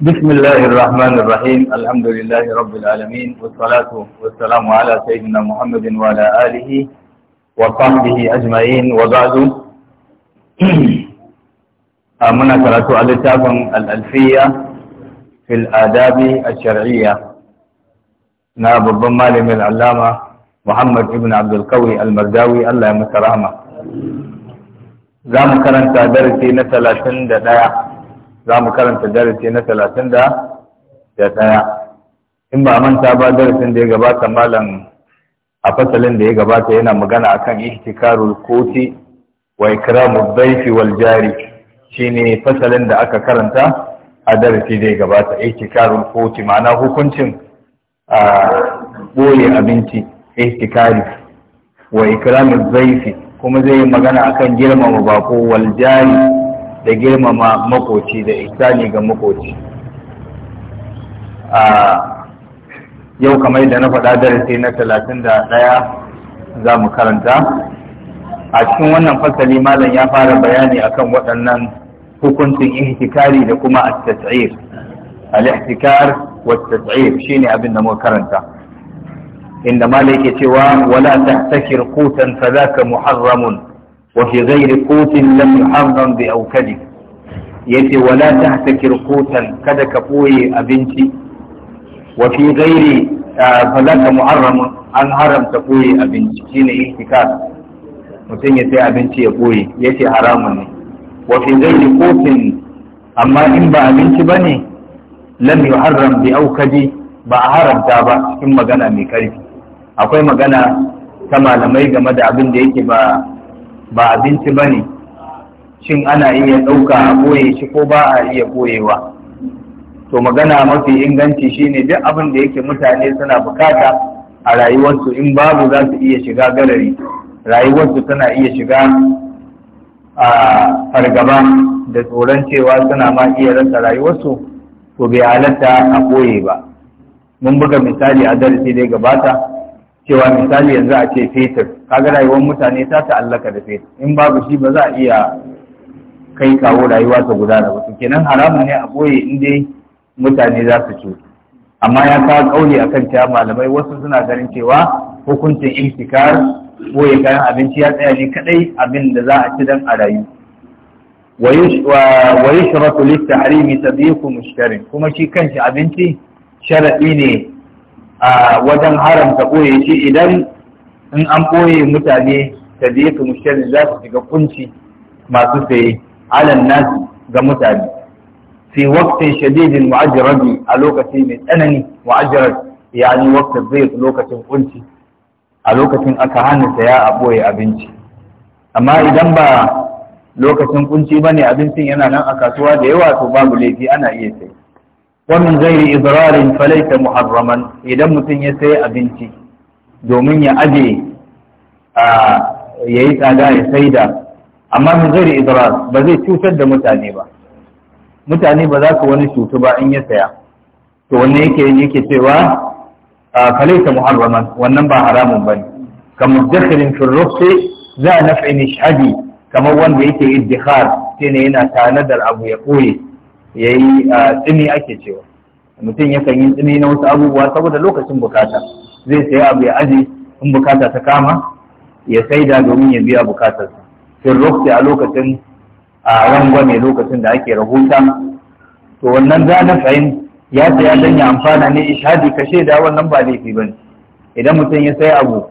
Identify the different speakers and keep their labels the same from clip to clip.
Speaker 1: بسم الله الرحمن الرحيم الحمد لله رب العالمين والصلاة والسلام على سيدنا محمد وعلى آله وصحبه أجمعين وبعد أمنا قرأت الكتاب الألفية في الآداب الشرعية نائب نعم، الضمال من العلامة محمد ابن عبد القوي المرداوي الله ya masa rahama. Za mu karanta darasi za mu karanta darasi na talatin da ɗaya in ba manta ba darasin da ya gabata malam a fasalin da ya gabata yana magana akan ihtikarul koti wa ikramu dhaifi wal jari shine fasalin da aka karanta a darasi da ya gabata ihtikarul koti ma'ana hukuncin a boye abinci ihtikari wa ikramu dhaifi kuma zai yi magana akan girmama bako wal jari da girmama makoci da ihsani ga makoci a yau kamar da na faɗa darasi na talatin da ɗaya za mu karanta a cikin wannan fasali malam ya fara bayani akan waɗannan hukuncin ihtikari da kuma at-tas'ir al-ihtikar wa at-tas'ir shine abin da muka karanta inda malam yake cewa wala tahtakir qutan ka muharramun وفي غير قوت لم يحرم بأوكده yace wala tahtakir qutan kada ka koye abinci wa fi ghairi falaka muharram an haramta koye abinci mutum ya sai abinci ya ya yace haramun ne Wafi fi ghairi amma in ba abinci bane lam yuharram bi aukadi ba a haramta ba cikin magana mai karfi akwai magana ta malamai game da abin da yake ba ba abinci ba ne shin ana iya ɗauka a koye shi ko ba a iya koyewa? to magana mafi inganci shine duk abin da yake mutane suna bukata a rayuwarsu in babu za su iya shiga garari rayuwarsu tana iya shiga a fargaba da tsoron cewa suna ma iya rasa rayuwarsu to bai halatta a ɓoye ba mun buga misali a darasi da gabata cewa misali yanzu a ce fetur kaga rayuwar mutane ta ta'allaka da sai in babu shi ba za a iya kai kawo rayuwa ta gudana ba kenan haramun ne a boye in dai mutane za su ci. amma ya kawo kauli akan ta malamai wasu suna ganin cewa hukuncin imtikar boye kayan abinci ya tsaya ne kadai abin da za a ci dan a rayu wa yushratu lit-tahrimi tadyiqu mushtarin kuma shi kanshi abinci sharadi ne a wajen haramta boye shi idan in an ɓoye mutane ta da yake mushari za su shiga kunci masu saye alan nasu ga mutane fi waktin shadidin mu'ajjarabi a lokaci mai tsanani ya yi waktin zai lokacin kunci a lokacin aka hana saya a ɓoye abinci amma idan ba lokacin kunci ne, abincin yana nan a kasuwa da yawa to babu laifi ana iya sai Wannan zai yi idrarin falaita muharraman idan mutum ya sai abinci domin ya aje ya yi tsada ya saida amma min zai idrar ba zai cutar da mutane ba mutane ba za su wani cutu ba in ya saya to wanne yake yake cewa kalaita muharraman wannan ba haramun ba ne kamar dakhirin fi rufi za naf'i nishadi kamar wanda yake iddikhar ne yana tanadar abu ya koye yayi tsini ake cewa mutum yakan yi tsini na wasu abubuwa saboda lokacin bukata zai sayi abu ya aje in bukata ta kama ya saida domin ya biya bukatarsa sun rufe a lokacin a rangwame lokacin da ake rahuta to wannan zana fahim ya saya dan ya amfana ne ishadi ka shaida wannan ba laifi ne. idan mutum ya sai abu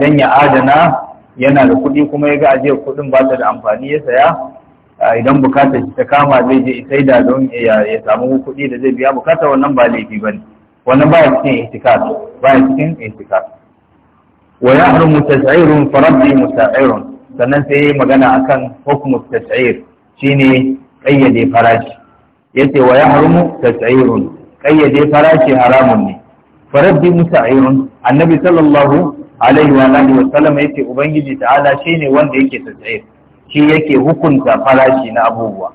Speaker 1: don ya adana yana da kuɗi kuma ya ga ajiyar kuɗin ba ta da amfani ya saya idan bukatar ta kama zai je saida don ya samu kuɗi da zai biya bukata wannan ba laifi ba ne. wannan baya cikin ihtikar baya cikin ihtikar wa yahrumu tash'irun fa rabbi Musa'irun, sannan sai magana akan hukmu tash'ir shine kayyade farashi yace wa yahrumu tash'irun kayyade farashi haramun ne fa rabbi musta'irun annabi sallallahu alaihi wa alihi wa sallam yace ubangiji ta'ala shine wanda yake tash'ir shi yake hukunta farashi na abubuwa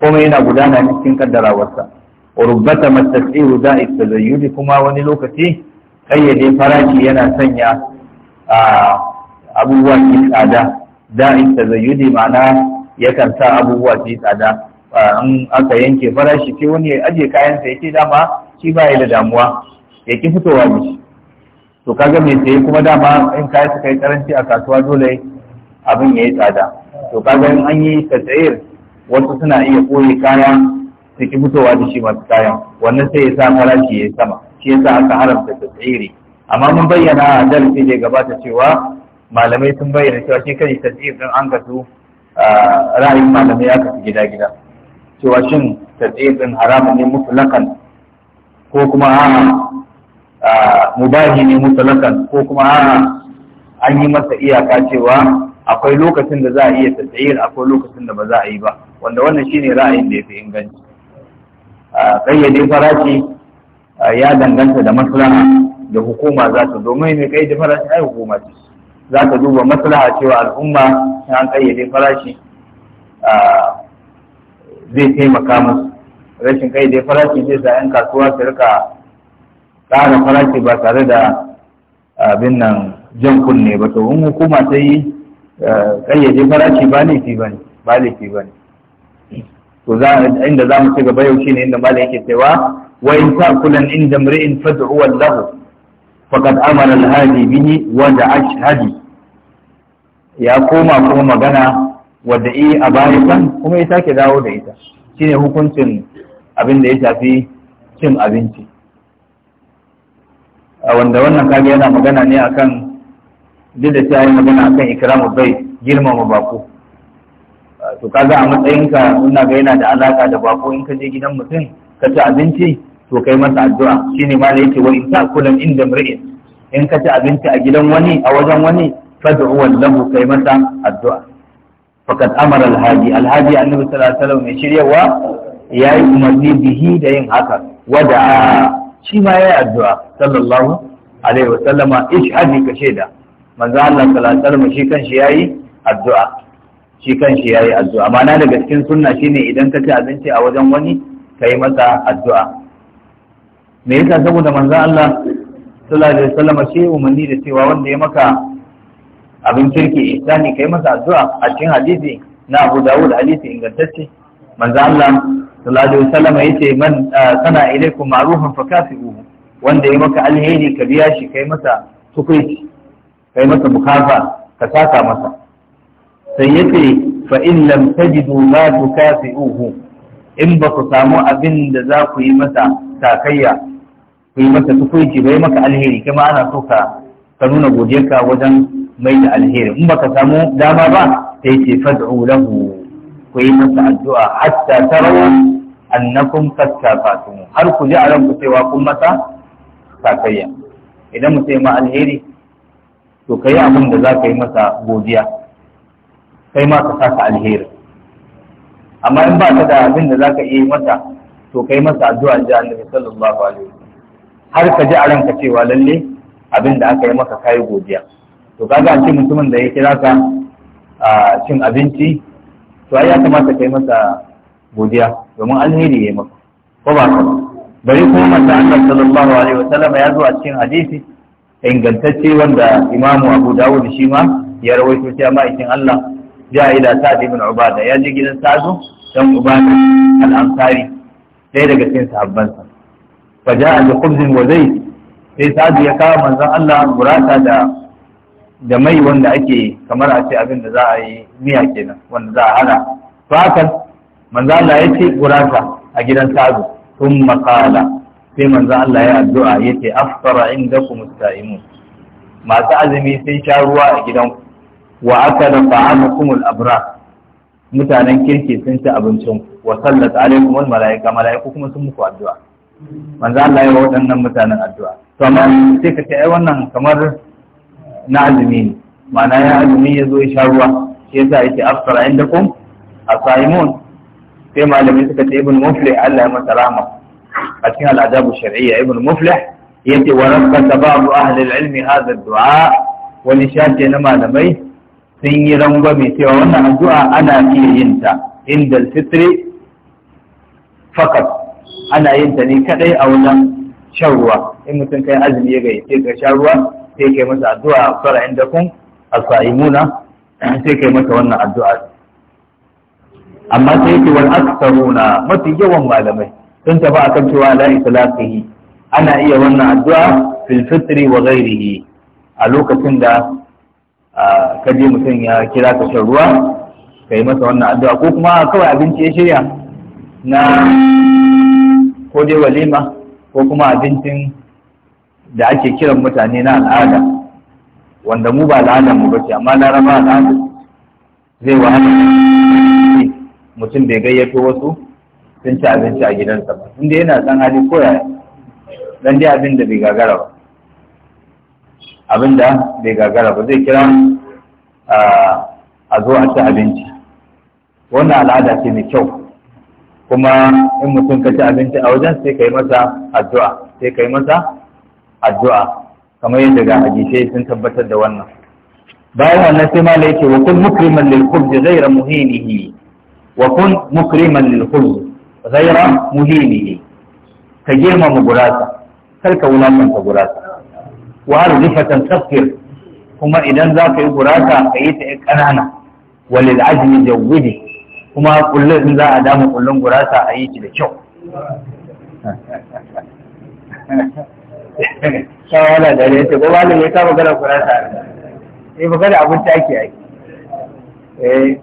Speaker 1: kuma yana gudana cikin kaddarawarsa urbata mastasiru da'if tazayyudi kuma wani lokaci kayyade farashi yana sanya abubuwa ke tsada da'if tazayyudi ma'ana yakan sa abubuwa ke tsada An aka yanke farashi sai wani ya ajiye kayansa yake dama shi ba da damuwa ya ki fitowa ne to kaga mai saye kuma dama in kayan suka yi karanci a kasuwa dole abin ya yi tsada to kaga in an yi tasayir wasu suna iya koyi kaya su ki fitowa da shi masu kayan wannan sai ya sa farashi ya sama shi yasa aka haramta tsiri amma mun bayyana a darasi da gabata cewa malamai sun bayyana cewa shi kai tsiri din an kasu ra'ayin malamai aka fi gida gida cewa shin tsiri din haramun ne mutlakan ko kuma a mubahi ne mutlakan ko kuma an yi masa iyaka cewa akwai lokacin da za a iya tasiri akwai lokacin da ba za a yi ba wanda wannan shine ra'ayin da ya fi inganci kayyade farashi ya danganta da maslaha da hukuma za ta domin mai kayyade farashi ai hukuma ce za ta duba maslaha cewa al'umma an kayyade farashi zai taimaka musu rashin kayyade farashi zai sa 'yan kasuwa su rika ƙara farashi ba tare da abin nan jan kunne ba to in hukuma ta yi kayyade farashi ba laifi ba ne ba laifi ba ne to za inda za mu ci gaba yau shine inda malai yake cewa wa in ta'kulan inda mri'in fad'u wallahu faqad amara al-hadi bihi wa da'ash hadi ya koma kuma magana wadda yi a bayan kuma ya sake dawo da ita shine hukuncin abin da ya shafi cin abinci a wanda wannan kage yana magana ne akan duk da cewa magana akan ikramu bai girmama bako to kaga a matsayinka ina ga yana da alaka da bako in ka je gidan mutum ka ci abinci to kai masa addu'a shine ma da yake wa in ta'kula inda mri'in in ka ci abinci a gidan wani a wajen wani fad'u lahu kai masa addu'a faqad amara al-hadi al-hadi annabi sallallahu alaihi wasallam mai shiryawa yayi umarni bihi da yin haka wada shi ma yayi addu'a sallallahu alaihi wasallama ishadi ka shaida manzo Allah sallallahu alaihi wasallam shi kanshi yayi addu'a shi kan kanshi yi addu'a Amma na daga cikin sunna shine idan ka ci abinci a wajen wani kai masa addu'a me yasa saboda manzon Allah sallallahu alaihi wasallam shi umarni da cewa wanda ya maka abin kirki ihsani kai masa addu'a a cikin hadisi na Abu Dawud hadisi ingantacce manzon Allah sallallahu alaihi wasallam yace man ah, sana ilaikum ma'rufan fakafi'uhu wanda ya maka alheri ka biya shi kai masa tukuici kai masa bukafa ka saka masa sai ce fa in lam tajidu ma tukafi'uhu in ba ku samu abin da za ku yi masa takayya ku yi masa tukuici bai maka alheri kuma ana so ka ka nuna godiyarka wajen mai da alheri in baka samu dama ba sai ce fad'u lahu ku yi masa addu'a hatta tarawa annakum kastafatum har ku ji a ranku cewa kun masa takayya idan mu sai ma alheri to kai abin da za ka yi masa godiya kai ma ka sa alheri amma in ba ka da abin da za ka iya masa to kai masa addu'a ji Annabi sallallahu alaihi har ka ji a ranka cewa lalle abin da aka yi maka kai godiya to kaga a ce mutumin da ya kira ka a cin abinci to ai ya kamata kai masa godiya domin alheri ya maka ko ba ka bari kuma manzo Allah sallallahu alaihi wasallam ya zo a cikin hadisi ingantacce wanda Imamu Abu Dawud shi ma ya rawaito cewa ma'aikin Allah ja ila sa'd ibn ubada ya je gidan sa'du dan ubada al-ansari sai daga cikin sahabbansa fa ja'a bi khubzin wa sai sa'd ya kawo manzon Allah burata da da mai wanda ake kamar a ce abin da yi miya kenan wanda za a hada to Allah ya ce burata a gidan sa'du sun makala sai manzon Allah ya addu'a yace afsara indakum mustaimun masu azumi sun sha ruwa a gidanku wa akala ta'amakumul abrar mutanen kirki sun ci abincin wa sallat alaikum wal malaika malaiku kuma sun muku addu'a manzo Allah ya waɗannan mutanen addu'a to amma sai ka ce ai wannan kamar na azumi ne ma'ana ya azumi ya zo ya sha ruwa shi yasa yake afsara indakum asaimun sai malamai suka ce ibn muflih Allah ya masa rahma a cikin al'adabu shar'iyya ibn muflih yace wa rabbaka ba'd ahli al-ilm hadha ad-du'a wani shafi na malamai sun yi rangwame cewa wannan addu'a ana iya yin ta inda fitri fakat ana yin ta ne kadai a wajen shan ruwa in mutum kai azumi ya gayyace ka sha ruwa sai kai masa addu'a a fara inda kun asaimuna sai kai masa wannan addu'a amma sai yake wal aktharuna mafi yawan malamai sun tafi akan cewa la itlaqihi ana iya wannan addu'a fil fitri wa ghairihi a lokacin da ka je mutum ya kira ka shan ruwa ka yi masa wannan addu'a ko kuma kawai abinci ya shirya na ko dai walima ko kuma abincin da ake kiran mutane na al'ada wanda mu ba al'ada mu ba ce, amma laraba al'ada zai wahala mutum bai gayyato wasu sun ci abinci a gidansa ba inda yana san hali ko dan dai abin da bai gagara ba Abin da bai gagara ba zai kira a zo a ci abinci wannan al'ada ce mai kyau kuma in mutum ka ci abinci a wajen sai ka yi masa addu'a sai ka yi masa addu'a kamar yadda ga hadisai sun tabbatar da wannan bayan wannan sai malai yake wa kun mukriman lil khubz ghayra muhinihi wa kun mukriman lil khubz ghayra muhinihi ka girmama gurasa kar ka wulakanta gurasa wa har nifatan tafkir kuma idan za ka yi gurata ka yi ta yi ƙanana walil ajmi jawwidi kuma kullum in za a dama kullum gurata a yi ki da kyau shawara da ne ta gaba ne ta magana gurata da eh, magana abinci ake yi eh,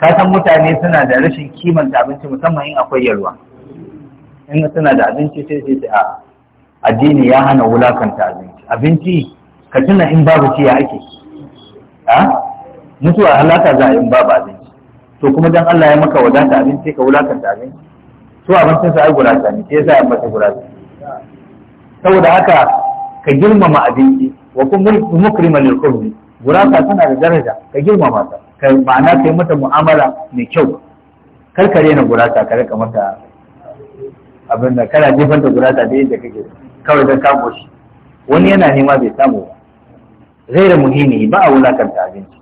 Speaker 1: ka san mutane suna da rashin kimanta abinci musamman in akwai yalwa in suna da abinci sai sai a addini ya hana wulakanta abinci abinci ka tuna in babu ya ake a mutuwa halaka za a in babu abinci to kuma dan Allah ya maka wadata abinci ka wulakanta abinci to abincin sa ai gurata, ne sai yasa ya mata gurata. saboda haka ka girmama abinci wa kuma mukrima lil khubz gurata tana da daraja ka girmama ta ka ma'ana kai mata mu'amala mai kyau kar ka rena gurata ka rika mata abin da kana jefar gurata da yadda kake kawai dan ka shi wani yana nema bai samu ba da muhimmi ba a wulakanta abinci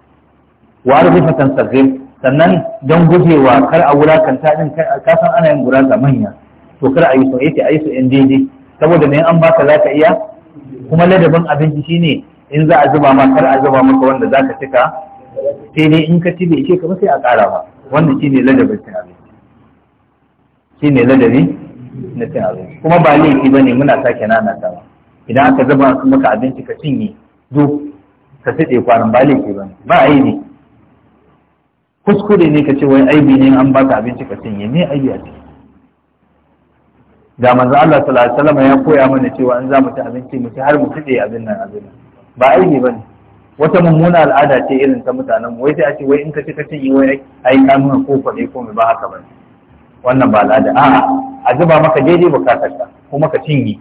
Speaker 1: wa rufatan sarrin sannan don gujewa kar a wulakanta din ka san ana yin gurasa manya to kar a yi so yace a yi so in saboda ne an baka za ka iya kuma ladabin abinci shine in za a zuba ma kar a zuba maka wanda za ka cika sai dai in ka tibe ce ka sai a ƙara ba wannan shine ladabin cin abinci shine ladabi na cin abinci kuma ba laifi bane muna sake nana ta ba idan aka zuba maka abinci ka cinye duk ka siɗe kwanan ba laifi ba ba aibi kuskure ne ka ce wai aibi ne an baka abinci ka cinye me aibi a ciki da manzo Allah sallallahu alaihi wasallam ya koya mana cewa an za mu ci abinci mu ci har mu siɗe abin nan abin nan ba aibi ba ne wata mummuna al'ada ce irin ta mutanen mu wai sai a ce wai in ka ci ka cinye wai ai ka nuna ko faɗe ko me ba haka ba wannan ba al'ada a'a a zuba maka daidai bukatarka kuma ka cinye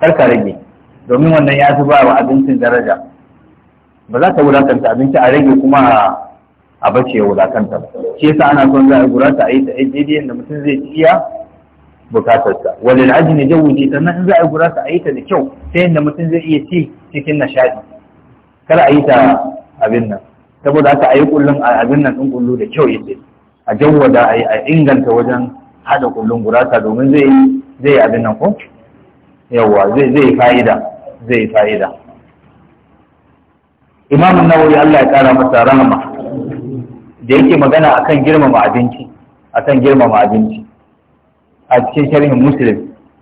Speaker 1: kar ka rage domin wannan ya fi ba wa abincin daraja ba za ta wulakanta abinci a rage kuma a bace ya wulakanta ba shi yasa ana son za a gura ta a yi ta daidai yadda mutum zai iya bukatarsa ya jawo jawuji sannan in za a gura ta a yi ta da kyau ta yadda mutum zai iya ci cikin nishaɗi? kar a yi ta abin nan saboda haka a yi kullum a abin nan ɗin kullu da kyau yadda, a jawwada a inganta wajen haɗa kullum gurata domin zai zai abin nan ko
Speaker 2: yawwa zai zai fa'ida
Speaker 1: zai fa'ida imam nawawi Allah ya kara masa rahama da yake magana akan girmama abinci akan girmama abinci a cikin sharhin muslim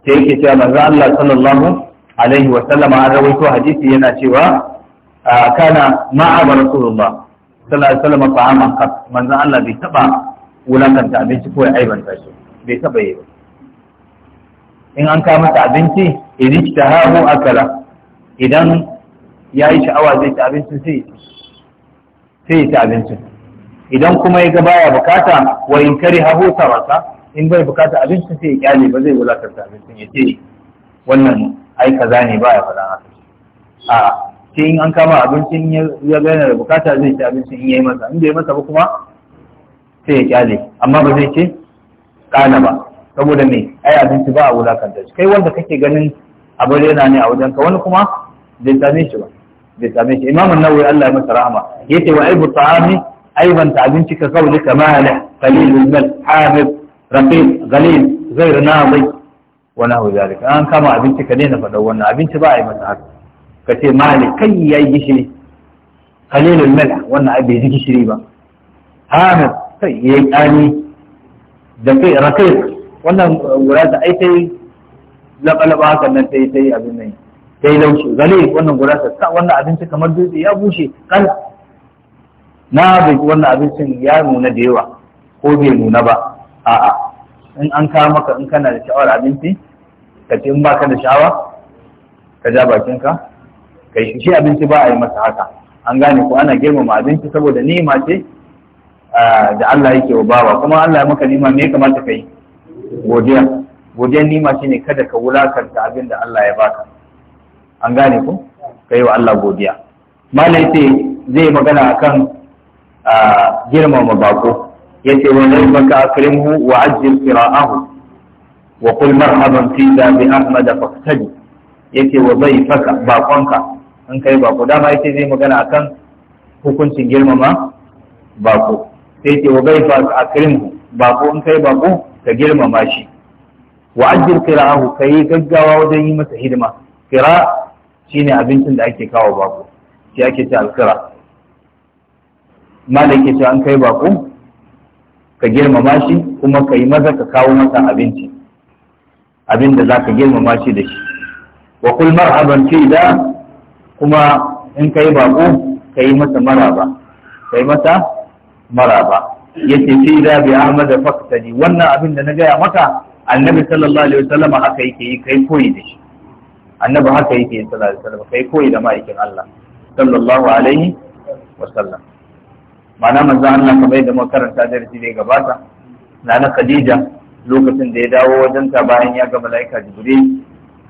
Speaker 1: sai yake cewa manzo Allah sallallahu alaihi wa sallama an rawaito hadisi yana cewa kana ma'a rasulullah sallallahu alaihi wa sallama fa'ama manzo Allah bai taba wulakanta abinci ko ya aibanta shi bai taba yi ba in an kama masa abinci idan ta hahu akala idan ya yi sha'awa zai ci abincin sai ya ci abincin idan kuma ya ga baya bukata wa in kare hahu sarasa in bai bukata abincin sai ya kyale ba zai ta abincin ya ce wannan ai kaza ne baya faɗa haka a ke in an kama abincin ya gane da bukata zai ci abincin in yayi masa in bai masa ba kuma sai ya kyale amma ba zai ce kana ba saboda me ai abinci ba a wulakanta shi kai wanda kake ganin abin yana ne a wajenka wani kuma bai same shi ba bai same shi imamun nawawi Allah ya masa rahama yace wa aibu ta'ami aiban ta abinci ka kauli kamala qalilul mal hamid raqiq qalil ghair nadi wa nahu zalika an kama abinci ka daina faɗa wannan abinci ba a yi masa haka ka ce mali kai yayi gishiri qalilul mal wannan ai bai ji gishiri ba hamid kai yayi tsani da kai raqiq wannan guda da ai sai laɓa-laɓa hakan nan sai sai abin nan yi laushi gale wannan gurasa ta wannan abinci kamar dutse ya bushe kan na bai wannan abincin ya nuna da yawa ko bai nuna ba a'a in an kawo maka in kana da sha'awar abinci ka ce in baka da sha'awa ka ja bakinka kai shi shi abinci ba a yi masa haka an gane ko ana girmama abinci saboda ni'ima ce da Allah yake wa bawa kuma Allah ya maka ni'ima me ya kamata ka yi godiya godiyar ni'ima shine kada ka wulakanta abin da Allah ya baka an gane ku Ka yi wa Allah godiya malai ce zai magana akan girmama bako ce wa zai rabbaka akrimhu wa ajjil qira'ahu wa qul marhaban fi bi ahmad faqtadi yace wa zai faka bakonka An kai bako dama yace zai magana akan hukuncin girmama bako sai ce wa gaifa akrimhu bako an kai bako ka girmama shi wa ajjil qira'ahu kai gaggawa wajen yi masa hidima qira shine abincin da ake kawo bako shi ake ce alkira ke ce an kai bako ka girmama shi kuma ka yi maza ka kawo masa abinci abin da za ka girmama shi da shi wa kul marhaban fi da kuma in ka yi bako ka yi masa maraba ka yi masa maraba yace fi da bi ahmad faktani wannan abin da na gaya maka annabi sallallahu alaihi wasallama haka yake yi kai koyi da shi annabi haka yake sallallahu alaihi wasallam kai koyi da ma'aikin Allah sallallahu alaihi wasallam Mana manzo Allah kamar yadda muka karanta da da gabata nana Khadija lokacin da ya dawo wajen ta bayan ya ga malaika Jibril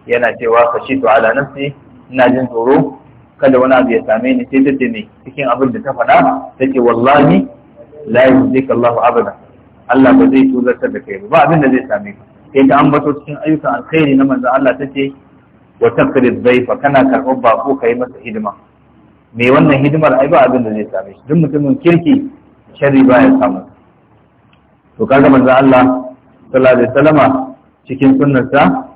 Speaker 1: yana cewa khashitu ala nafsi ina jin tsoro kada wani abu ya same ni sai ta ce ne cikin abin da ta faɗa ta ce wallahi la yuzika Allahu abada Allah ba zai tuzartar da kai ba abin da zai same ka sai ta ambato cikin ayyukan alkhairi na manzo Allah ta ce wa taqrid dhayfa kana karɓar bako yi masa hidima me wannan hidimar ai ba abin da zai same shi duk mutumin kirki sharri ba ya samu to kaga manzo Allah sallallahu alaihi wasallama cikin sunnarsa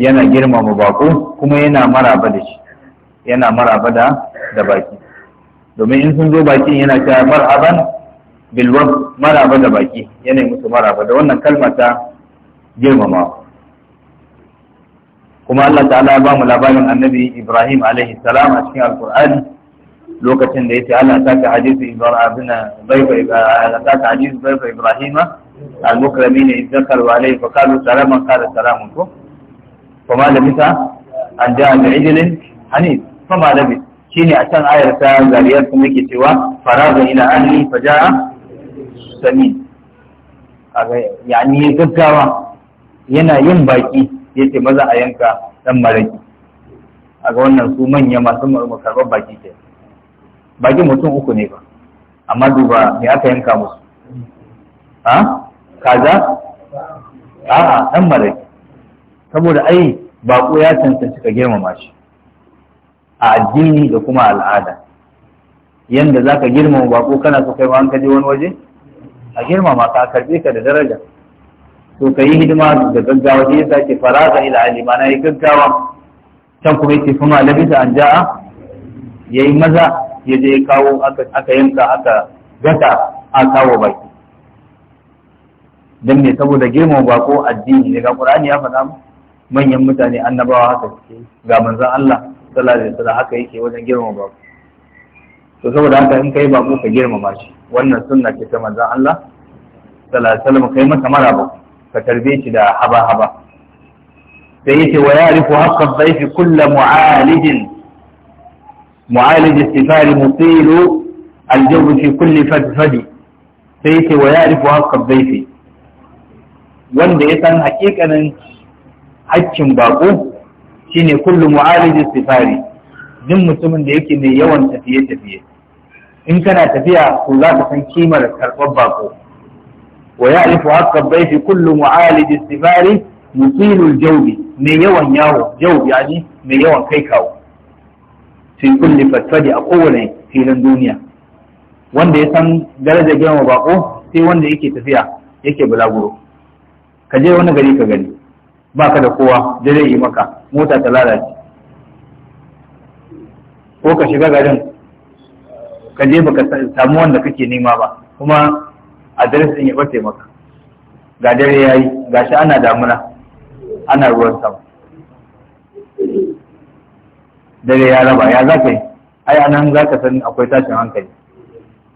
Speaker 1: yana girmama bako kuma yana maraba da shi yana maraba da da baki domin in sun zo baki yana cewa marhaban bilwab maraba da baki yana musu maraba da wannan kalma ta girmamawa kuma Allah ta'ala ya ba mu labarin annabi Ibrahim alaihi salam a cikin alkur'ani lokacin da yace Allah ta ka hadisi Ibrahim Allah ta ka hadisi Ibrahim Ibrahim al-mukramin idzakar wa alaihi fa qalu salaman qala salamun ko kuma da bisa an da ajilin "Hani, kuma da bisa shine a can ayar ta zariyar kuma yake cewa faraza ila ahli faja'a samin yani gaggawa yana yin baki yace maza a yanka dan maraki a ga wannan su manya masu makarbar baki ke baki mutum uku ne ba amma duba me aka yanka musu ha kaza a'a dan maraki saboda ai baƙo ya cancanci ka girmama shi a addini da kuma al'ada yanda za ka girmama baƙo kana so kai ma an kaje wani waje a girmama ka a karɓe ka da daraja to ka yi hidima da gaggawa shi yasa ke faraga ila ali mana yi gaggawa can kuma yake kuma labisa an ja'a yayi maza ya je kawo aka yanka aka gata a kawo baki dan me saboda girmama bako addini ne ga qur'ani ya faɗa manyan mutane annabawa haka suke ga manzon Allah sallallahu alaihi wasallam haka yake wajen girmama bako to saboda haka in kai bako ka girmama shi wannan sunna ce ta manzon Allah sallallahu alaihi wasallam kai masa maraba ka tarbe shi da haba-haba sai yace wa yarifu haqqad dhayfi kull mu'alijin mu'alij istifari mutilu aljawu fi kulli fadfadi sai yace wa yarifu haqqad dhayfi wanda ya san hakikanin haƙƙin bako shine kullu mu'alij istifari duk mutumin da yake mai yawan tafiye-tafiye in kana tafiya to za ka san kimar karɓar bako ويعرف حق الضيف كل معالج السفار مطيل الجوب من يوان ياو جوب yawan kai يوان كيكاو في كل فتفدي أقول في الدنيا wanda ya san daraja girma bako sai wanda yake tafiya yake bulaguro ka je wani gari ka gani baka da kowa da zai yi maka mota ta lalace ko ka shiga garin ka je baka sami wanda kake nema ba kuma adres din ya bace maka ga dare yayi gashi ana damuna ana ruwan sama dare ya raba ya zaka yi ai anan zaka san akwai tashin hankali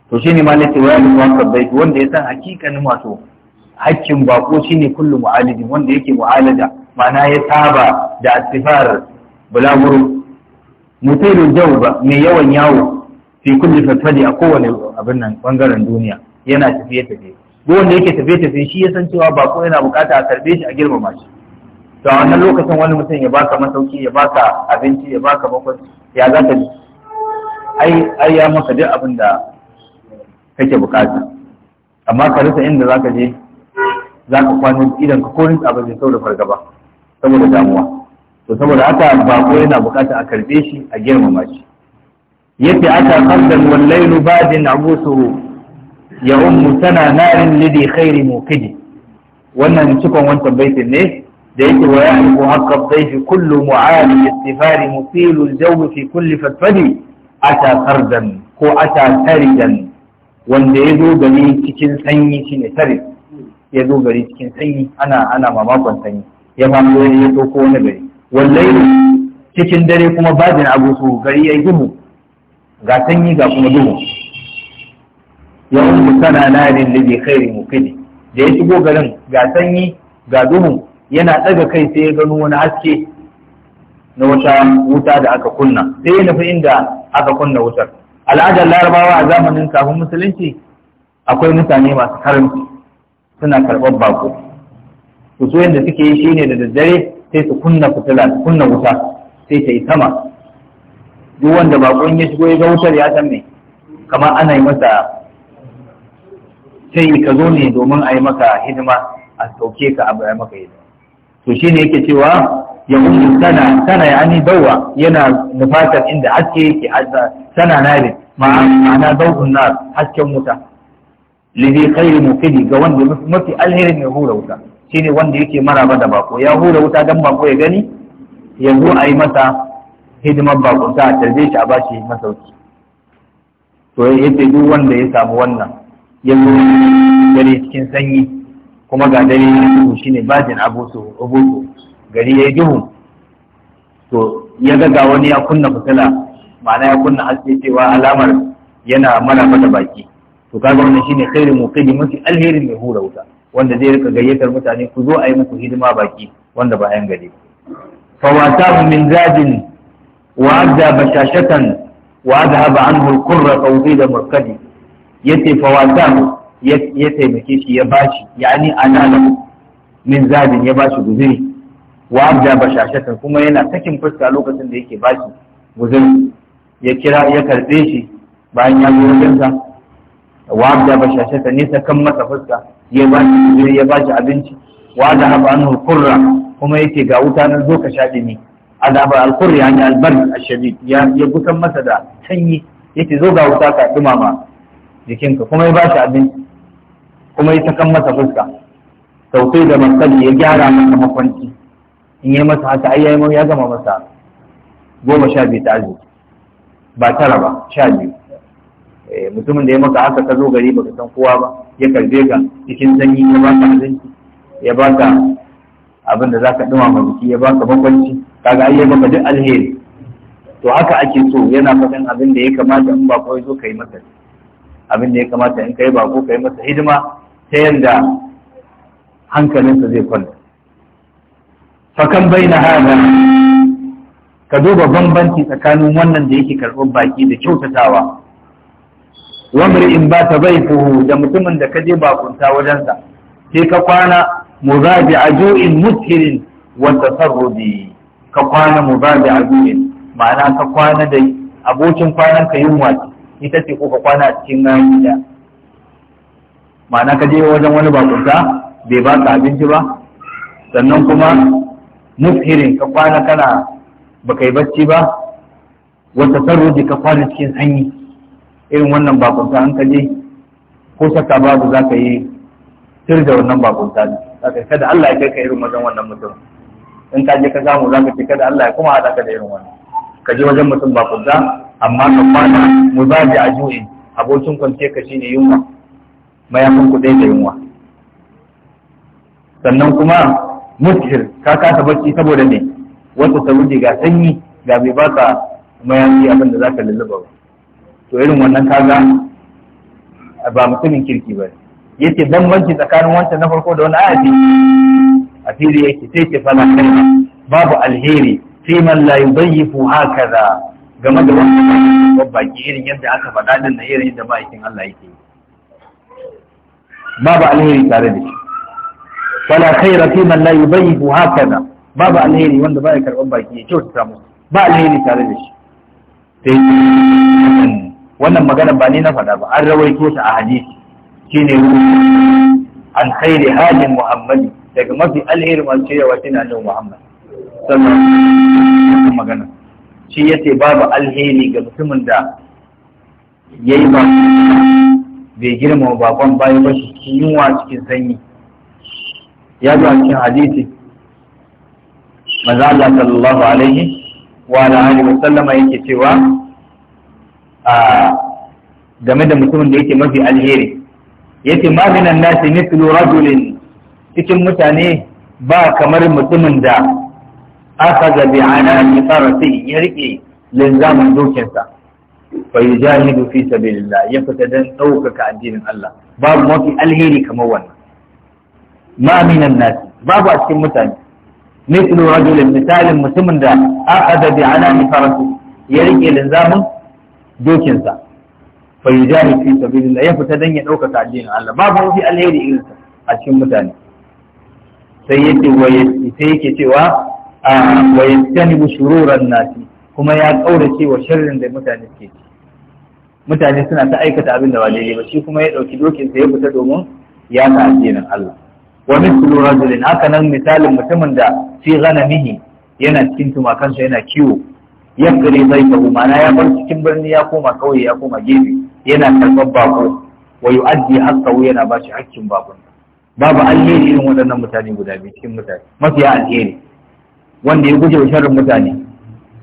Speaker 1: to shine ma nace wa yadda wanda bai wanda ya san hakikanin wato hakkin bako shine kullu mu'alidin wanda yake mu'alada ma'ana ya saba da bulaguru bulaguro mutirin ba, mai yawan yawo fi kulli fatfadi a kowane abin nan bangaren duniya yana tafiye tafiye duk wanda yake tafiye tafiye shi ya san cewa bako yana bukata a karbe shi a girmama shi to a wannan lokacin wani mutum ya baka masauki ya baka abinci ya baka makwanci ya za ka ai ai ya maka duk abin da kake bukata amma ka rasa inda za ka je za ka kwana idan ka korin abin da da fargaba saboda damuwa to saboda haka bako yana bukata a karbe shi a girmama shi Yadda aka qallan wallailu laylu badin abusuhu ya ummu tana narin lidi khairi mukidi wannan cikon wancan baitin ne da yake wa ya haiku haka saifi kullu mu'ali istifari musilu jawu fi kulli fatfadi ata sardan ko ata taridan wanda ya zo gari cikin sanyi shine tarid ya zo gari cikin sanyi ana ana mamakon sanyi ya famo ya ko wani gari wallai cikin dare kuma bajin abu su gari ya yi duhu ga sanyi ga kuma duhu ya ummu sana ladin libi khairi mukidi da ya shigo garin ga sanyi ga duhu yana ɗaga kai sai ya gano wani haske na wata wuta da aka kunna sai ya nufi inda aka kunna wutar al'adar larabawa a zamanin kafin musulunci akwai mutane masu karanci suna karɓar bako su so yadda suke yi shine da daddare sai su kunna fitila su kunna wuta sai ta yi sama duk wanda bakon ya shigo ya ga wutar ya san me kamar ana yi masa sai ka zo ne domin a yi maka hidima a sauke ka a maka hidima to shi ne yake cewa ya ummu sana sana ya ani dawa yana nufatar inda haske yake hadda sana nari ma'ana dawun na hasken wuta lidhi khairu mufidi ga wanda mafi alheri mai hura wuta shine wanda yake maraba da bako ya hura wuta dan bako ya gani yanzu a yi masa hidimar bakunta a tarbe shi a bashi masauki to yace duk wanda ya samu wannan yanzu dare cikin sanyi kuma ga dare duhu shine bajin abusu gari ya duhu to ya ga wani ya kunna fitila ma'ana ya kunna haske cewa alamar yana mara mata baki to kaga wannan shine khairu muqidi mafi alherin mai hura wuta wanda zai rika gayyatar mutane ku zo a yi muku hidima baki wanda ba yan gari fawatahu min zadin wa adda bashashatan wa adhaba anhu al-qurra tawhid murkadi ya ce fawata ya taimake shi ya bashi yani da min zabin ya bashi guzuri wa abda bashashatan kuma yana sakin fuska lokacin da yake bashi guzuri ya kira ya karbe shi bayan ya zo wajensa wa abda bashashatan ne sakan masa fuska ya bashi guzuri ya bashi abinci wa da haba annahu qurra kuma yake ga wuta nan zo ka shaɗe ni adaba alkurri yani albar ashadid ya gutan masa da sanyi yake zo ga wuta ka dumama jikinka kuma ya bashi abinci kuma ya sakan masa fuska sautai da matsali ya gyara masa makwanci in yi masa haka ai yayi ya gama masa goma sha biyu ta arziki ba tara ba sha biyu eh, mutumin da ya maka haka ka zo gari baka san kowa ba ya karbe ka cikin sanyi ya ka abinci ya ka abin da ɗuma ma jiki ya ka makwanci kaga ai ya maka duk alheri to haka ake so yana faɗin abin da ya kamata in ba kawai zo ka yi masa abin da ya kamata in kai bako kai masa hidima ta yanda hankalinsa zai kwanta fakan bai na hada ka duba bambanci tsakanin wannan da yake karɓar baki da kyautatawa wamri in ba ta bai fuhu da mutumin da ka je bakunta wajensa sai ka kwana mu muzabi a jo'in mutirin wata sarrobi, ka kwana muzabi a jo'in, ma'ana ka kwana da abokin kwanan ka yi ita ce ko ka kwana cikin rani da ma'ana ka je wajen wani bakunta bai ba ka abinci ba sannan kuma mufhirin ka kwana kana ba kai bacci ba wata sarruji ka kwana cikin sanyi irin wannan bakunta an ka je ko saka babu za ka yi sir da wannan bakunta ne kada Allah ya kai ka irin wajen wannan mutum in ka je ka samu za ka ce kada Allah ya kuma haɗa ka da irin wannan ka je wajen mutum bakunta amma ka kwana mu zaji a juye abokin kwance ka shine yunwa mayafin ku da yunwa sannan kuma mutir ka kasa bacci saboda ne wata saudi ga sanyi ga bai ka mayafi abin da za ka lullaba ba to irin wannan kaga ba mutumin kirki ba yace bambanci tsakanin wancan na farko da wani ayati a fili yake sai ke fana kai babu alheri fi man la yubayyifu hakaza game da wannan babbaki irin yadda aka faɗa din na irin yadda ma'aikin Allah yake yi babu alheri tare da shi wala khaira fi man la haka hakaza babu alheri wanda ba ya karɓar baki ya kyautata musu ba alheri tare da shi sai wannan magana ba ni na faɗa ba an rawaito ta a hadisi shine an khairi halin muhammadi daga mafi alheri masu shi shine annabi muhammad sallallahu alaihi magana shi yace babu alheri ga mutumin da yayi ba bai girma bakon bayan ba shi cikin yunwa cikin sanyi ya zo cikin hadisi maza Allah sallallahu alaihi wa alihi wa sallama yake cewa a game da mutumin da yake mafi alheri yace ma minan nasi mithlu rajulin cikin mutane ba kamar mutumin da akhadha bi anani farasi ya rike linzamin dokinsa fa yujahidu fi sabilillah ya fita dan ɗaukaka addinin Allah babu mafi alheri kamar wannan ma minan nasi babu a cikin mutane مثل رجل مثال مسلم ده أخذ بعنان فرسه يريك الإنزام دوكين سا فيجاهد في سبيل الله يفتدن يدوك تعجين الله باب هو في الهيري إنسا أشم متاني سيكي yake cewa. wa yajtanibu shururan nasi kuma ya kaurace wa sharrin da mutane suke ci mutane suna ta aikata abin da ba daidai ba shi kuma ya dauki dokin sa ya fita domin ya ta addinin Allah wa mithlu rajulin haka nan misalin mutumin da fi ghanamihi yana cikin tumakansa yana kiwo bai baitahu mana ya bar cikin birni ya koma kauye ya koma gefe yana karɓar bako wa yu'addi haqqahu yana ba shi haƙƙin bakon
Speaker 2: babu alheri irin
Speaker 1: waɗannan mutane guda biyu cikin mutane mafiya alheri wanda ya guje wa sharrin mutane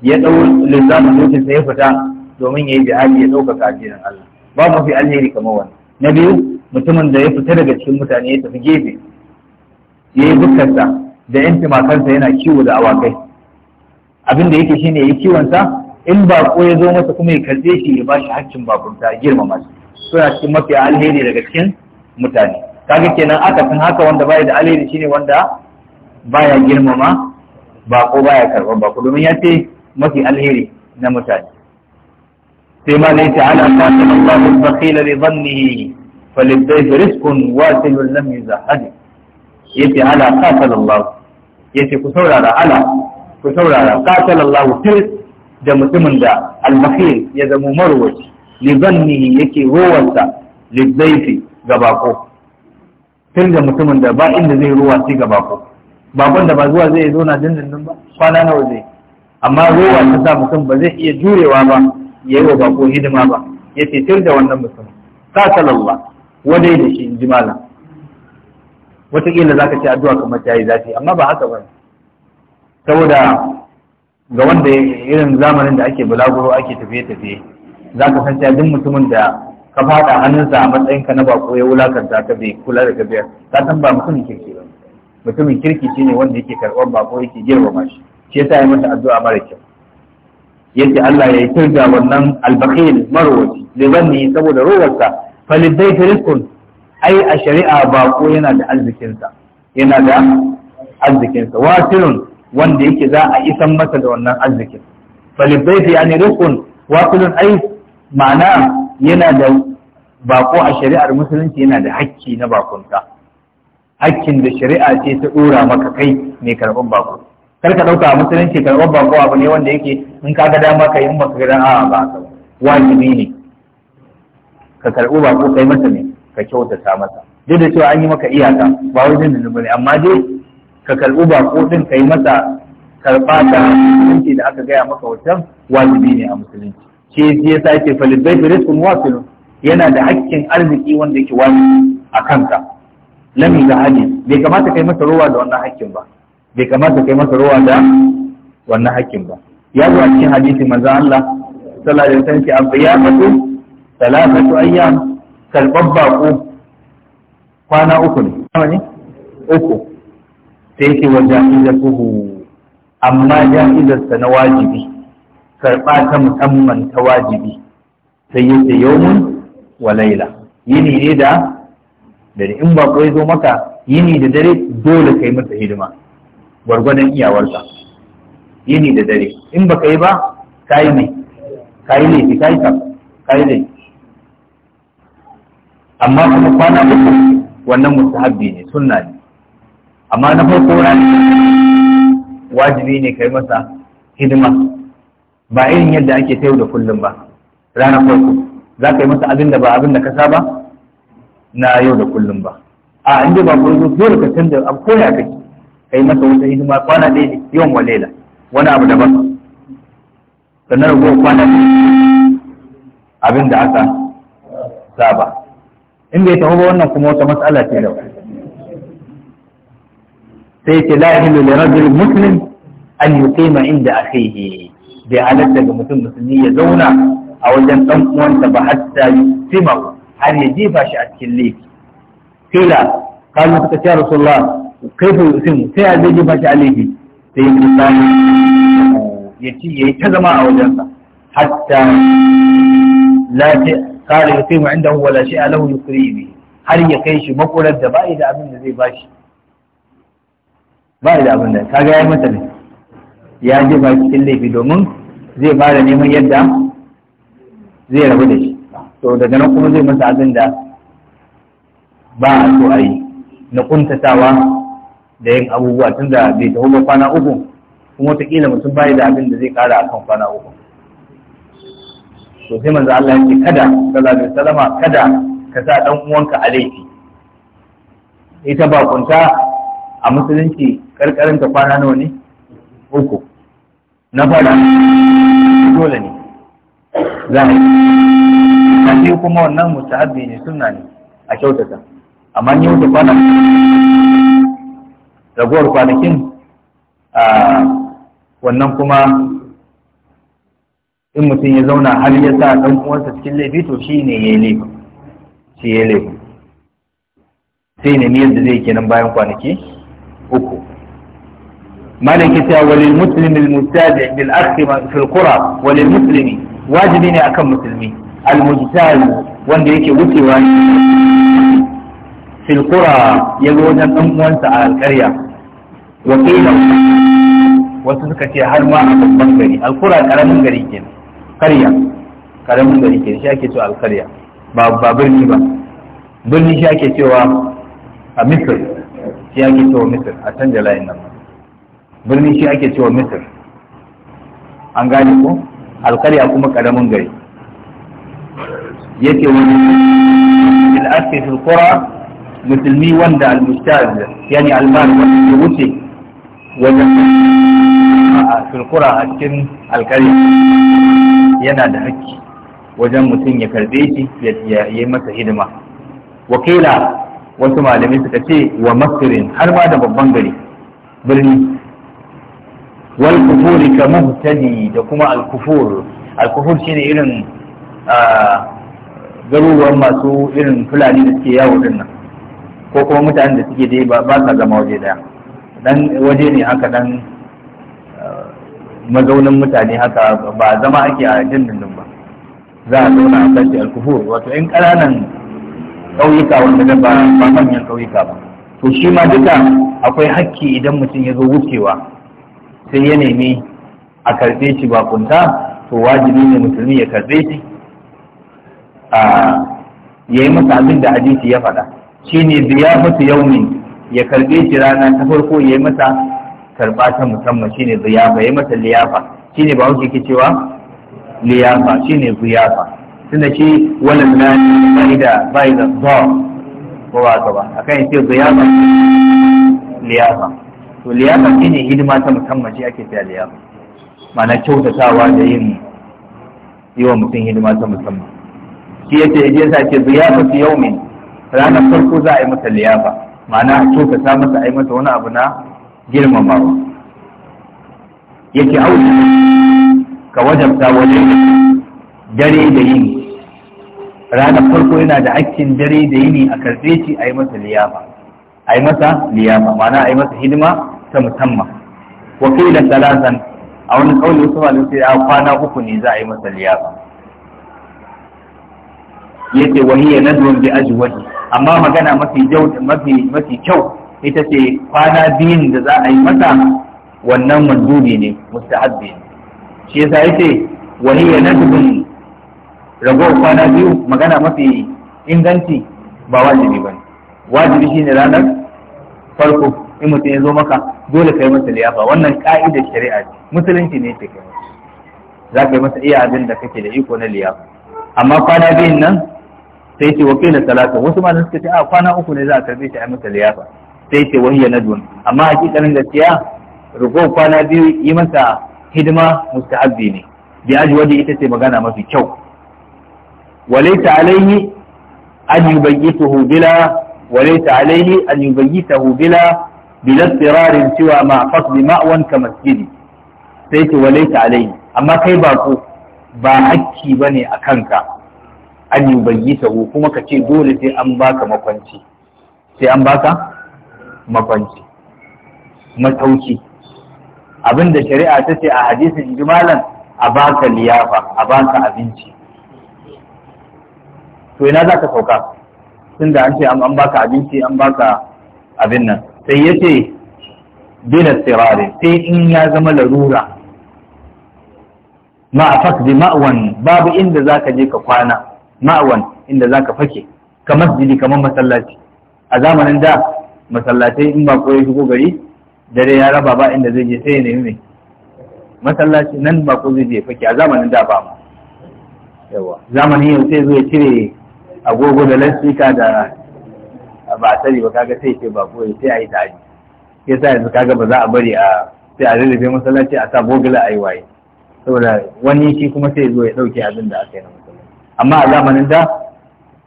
Speaker 1: ya dau lissafin zuciyar sa ya fita domin ya yi jihadi ya ɗaukaka addinin Allah ba mafi alheri kamar wani na biyu mutumin da ya fita daga cikin mutane ya tafi gefe ya yi bukkarsa da yanci makarsa yana kiwo da awakai abinda yake shi ne ya yi kiwonsa in ba ko ya zo masa kuma ya karɓe shi ya bashi haccin bakunta girmama masu suna cikin mafi alheri daga cikin mutane kaga kenan aka san haka wanda baya da alheri shine wanda baya girmama ba ko baya karɓar ba ku domin ya ce mafi alheri na mutane sai ma ne ta ala ta ta Allahu bakhila bi dhannihi falidayhi rizqun wasilun lam yuzahad yace ala qatal Allah yace ku saurara ala ku saurara qatal lallahu tir da mutumin da al-bakhil ya zama marwaci li dhannihi yake rowarsa lidayhi ga bako tun da mutumin da ba inda zai ruwa shi ga bako bakon da ba zuwa zai zo na dindindin ba kwana nawa zai amma ruwa ta sa mutum ba zai iya jurewa ba ya yi wa bako hidima ba ya fitar da wannan mutum ta wa wadai da shi in ji malam wataƙila za ka ci addu'a kamar ta yi zafi amma ba haka ba saboda ga wanda irin zamanin da ake bulaguro ake tafiye-tafiye za ka san cewa duk mutumin da ka faɗa hannunsa a matsayinka na bako ya wulakanta ka bai kula da ka biyar ka san ba mutumin kirki ba mutumin kirki shi ne wanda yake karɓar bako yake girmama shi shi yasa ya masa addu'a mara kyau yace Allah ya yi turda wannan albakhil marwaci da zanni saboda rowarsa falidai rizqun ai a shari'a bako yana da arzikinsa yana da arzikinsa wasilun wanda yake za a isan masa da wannan arzikin falidai ani rizqun wasilun ai ma'ana yana da bako a shari'ar musulunci yana da hakki na bakunta hakkin da shari'a ce ta dora maka kai mai karɓar bako kar ka ɗauka a musulunci karɓar bako abu ne wanda yake in ka ga dama ka yi in baka a dama ba ka wajibi ne ka karɓi bako kai masa ne ka kyautata masa duk da cewa an yi maka iyaka ba wajen da ne amma dai ka karɓi bako ɗin ka yi masa karɓa ta musulunci da aka gaya maka wancan wajibi ne a musulunci shi ya sa yake falibai birizkun wasu yana da hakkin arziki wanda yake wajibi a kanka lami da hali bai kamata kai masa rowa da wannan hakkin ba bai kamata kai masa rowa da wannan hakkin ba ya zo a cikin hadisi manzo Allah sallallahu alaihi wasallam ce abiyatu salatu ayyam kalbab kwana uku ne nawa ne uku sai ce wa ja'izatuhu amma ja'izarsa na wajibi karɓa ta musamman ta wajibi sai yace yawmun wa laila yini ne da dare in ba ya zo maka yini da dare dole kai masa hidima gwargwadon iyawarka yini da dare in ba yi ba kayi ne kayi laifi kayi ka kayi laifi amma kuma kwana uku wannan mustahabbi ne sunna ne amma na farko rani wajibi ne kai masa hidima ba irin yadda ake ta yau da kullum ba ranar farko za ka yi masa abin da ba abin da ka saba na yau da kullum ba a inda ba ko zo dole ka canza abu ko ya kake kai masa wata hidima kwana ɗaya yawan walela wani abu da daban sannan ko kwana abin da aka saba in bai taho ba wannan kuma wata matsala ce da sai ce la ilaha illa rajul muslim an yuqima inda akhihi bai halatta ga mutum musulmi ya zauna a wajen dan uwansa ba hatta yusima har ya jefa shi a cikin laifi kila kalu suka ce rasulullah kaifa yusin sai a zai jefa shi a laifi sai ya misali ya ci ya yi ta zama a wajensa hatta lafi, kala ya kai mu inda huwa la a lahu yusri ne, har ya kai shi makurar da ba'i da abin da zai shi, ba'i da abin da kaga yayi mata ne ya jefa cikin laifi domin zai fara neman yadda zai rabu da shi to daga nan kuma zai masa abin da ba a so a yi na kuntatawa da yin abubuwa tun da bai taho ba kwana uku kuma wataƙila mutum bayi da abin da zai ƙara a kan kwana uku to sai manzo Allah ya ce kada sallallahu alaihi wasallama kada ka sa dan uwanka a laifi ita ba kunta a musulunci karkarin ta kwana nawa ne uku na fara dole ne za a yi na biyu kuma wannan mustahabbi ne sunna ne a kyautata amma ni wuce kwana ragowar kwanakin a wannan kuma in mutum ya zauna har ya sa ɗan uwansa cikin laifi to shi ne ya yi laifin shi ya yi laifin sai ne miyar da zai kenan bayan kwanaki uku مالك وللمسلم المستاجع fil في القرى وللمسلم wajibi ne akan musulmi al wanda yake wucewa fil qura ya zo wajen dan uwansa a alƙarya wa qila wasu suka ce har ma a babban gari al-qura karamin gari kenan karya karamin gari kenan shi ake cewa alkarya ƙarya ba ba birni ba birni shi ake cewa a misir shi ake cewa misir a canja layin nan birni shi ake cewa misir an gane ko alkarya kuma karamin gari yake wani al'afi fil musulmi wanda al-mustajab yani albar wanda ke wuce wajen fil qura a cikin alkarya yana da haƙƙi wajen mutum ya karbe shi ya yi masa hidima wakila wasu malamai suka ce wa masirin har ma da babban gari birni
Speaker 2: wal ka
Speaker 1: muhtadi da kuma al kufur shine irin ah, garuruwan masu irin fulani da suke yawo din nan ko kuma mutanen da suke dai ba sa zama waje daya dan waje ne haka dan eh, mazaunin mutane haka ba zama ake a dindindin ba za a zauna a kashi alkufur wato in ƙananan ƙauyuka wanda da ba manyan ƙauyuka ba to shi ma duka akwai hakki idan mutum ya zo wucewa sai ya nemi a karɓe shi bakunta to wajibi ne musulmi ya karɓe shi ya yi masa abin da hadisi ya faɗa Shi shine ziyafatu yaumin ya karɓe shi rana ta farko ya yi masa karɓa ta musamman ne ziyafa ya yi masa liyafa ne ba wuce ke cewa liyafa shi ne ziyafa tunda shi wannan na bai da bai da zuwa ko ba ka ba A kan ce ziyafa liyafa to liyafa shi ne hidima ta musamman shi ake cewa liyafa ma'ana kyautatawa da yin yi wa mutum hidima ta musamman shi yace yaje sa ce yau yaumin ranar farko za a yi masa liyafa ma'ana a ka sa masa a yi mata wani abu na girmamawa yake auki ka wajabta wajen dare da yini ranar farko yana da hakkin dare da yini a karɓe shi a yi masa liyafa a yi masa liyafa ma'ana a yi masa hidima ta musamman wakilin salasan a wani kauli wasu malamai sai a kwana uku ne za a yi masa liyafa yace wa hiya nadwun bi ajwadi amma magana mafi mafi mafi kyau ita ce kwana biyun da za a yi mata wannan mandubi ne mustahabbi ne shi yasa yace wa hiya nadwun ragowar kwana biyu magana mafi inganci ba wajibi ba wajibi shine ranar farko in mutum ya zo maka dole kai masa liyafa wannan ka'idar shari'a ce musulunci ne ke kai za ka yi masa iya abin da kake da iko na liyafa amma kwana biyun nan sai ce wakila talata wasu malamai suka ce a kwana uku ne za a karbe shi a masa liyafa sai ce wahiya nadwan amma hakikanin gaskiya rugo kwana biyu yi masa hidima mustahabbi ne bi waje ita ce magana mafi kyau walaita alaihi an yubayyituhu bila walaita alaihi an yubayyitahu bila bila sirarin cewa ma fasli ma'wan ka masjidi sai ce walaita alaihi amma kai ba ko ba hakki bane a kanka an yubayyitahu kuma ka ce dole sai an baka makwanci sai an baka makwanci matauki abinda shari'a ta ce a hadisin jimalan a baka liyafa a baka abinci to ina za ka sauka tun da an ce an baka abinci an baka abin nan sai ya ce bila sirari sai in ya zama larura ma a fasdi ma'wan babu inda za ka je ka kwana ma'awan inda ka fake ka masjidi kamar masallaci a zamanin da masallatai in ba ko ya shigo gari dare ya raba ba inda zai je sai ya nemi masallaci nan ba ko zai je fake a zamanin da ba mu yawa zamanin yau sai zo ya cire agogo da lasfika da ba a sani ba kaga sai ce ba ko sai a yi ta aji sai yanzu kaga ba za a bari a sai a rarrabe masallaci a sa bogila a yi waye saboda wani shi kuma sai zo ya dauke abin da aka yi na amma a zamanin da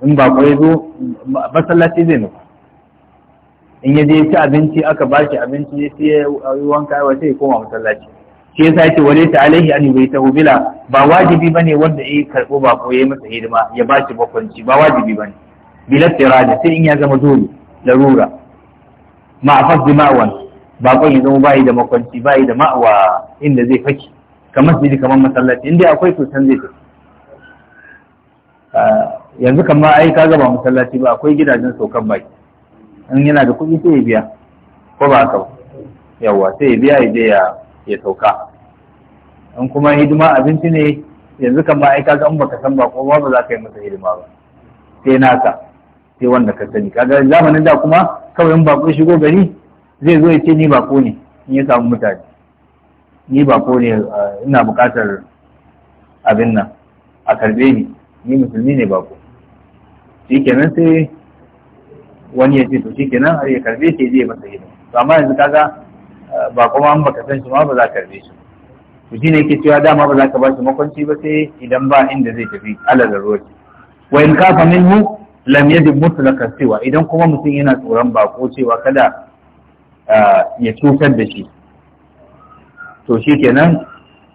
Speaker 1: in ba ya zo masallaci zai nufa in ya je ci abinci aka ba shi abinci ya sai ya yi wanka yawa sai ya koma masallaci shi yasa sace wale ta alaihi an yubai ta bila ba wajibi ba ne wanda ya karɓo ba ko ya masa hidima ya ba shi bakwanci ba wajibi Bilas ya tirada sai in ya zama dole larura ma'afaz dima'wan bakon ya zama bayi da makwanci bayi da ma'awa inda zai faki kamar su kamar masallaci inda akwai to can zai tafi Ah, yanzu kan ma ai ka gaba masallaci ba akwai gidajen saukan baki in yana da kuɗi sai ya biya ko ba ka yawa sai ya biya ya je ya sauka in kuma hidima abinci ne yanzu kan ma ai ka ga in baka san ba kuma ba za ka yi masa hidima ba sai naka sai wanda ka sani kaga zamanin da kuma kawai in bako shigo gari zai zo ya ce ni bako ne in ya samu mutane ni bako ne ah, ina buƙatar abin nan a karbe ni ni musulmi ne bako shi kenan sai wani ya ce to shi kenan har ya karbe shi zai masa gida. to amma yanzu kaga eh, ba kuma an baka san shi ma ba za ka karbe shi to ne yake cewa dama ba za ka ba shi makwanci ba sai idan ba inda zai tafi ala ce wa in kafa mu lam yadi mutlaka cewa idan kuma mutum yana tsoron bako cewa kada eh, ya cutar da shi to shi kenan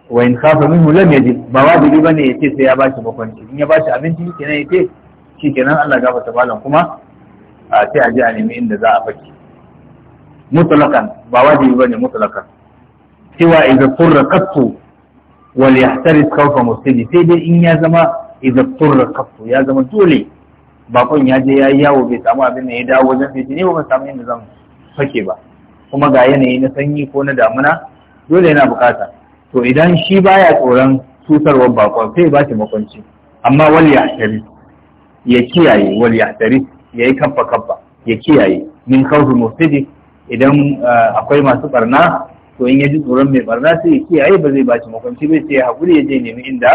Speaker 1: wa in kafa minhu lam yajid ba wajibi bane ya ce sai ya bashi bakwanci in ya bashi abinci kenan ya ce kenan Allah ta malam kuma a sai a je a nemi inda za a faki mutlaqan ba wajibi bane mutlaqan cewa idza turra qattu wal yahtaris khawfa mustidi sai dai in ya zama idza turra qattu ya zama dole bakon ya je ya yi yawo bai samu abin da ya dawo wajen sai ne ba samu inda zan fake ba kuma ga yanayi na sanyi ko na damuna dole yana bukata to idan shi baya tsoron cutarwar bako sai ba shi makwanci amma wal yahtari ya kiyaye wal yahtari ya yi kaffa kaffa ya kiyaye min khawfi mufsidi idan eh, akwai masu barna to in ya ji tsoron mai barna sai ya kiyaye ba zai ba shi makwanci bai sai ya hakuri ya je nemi inda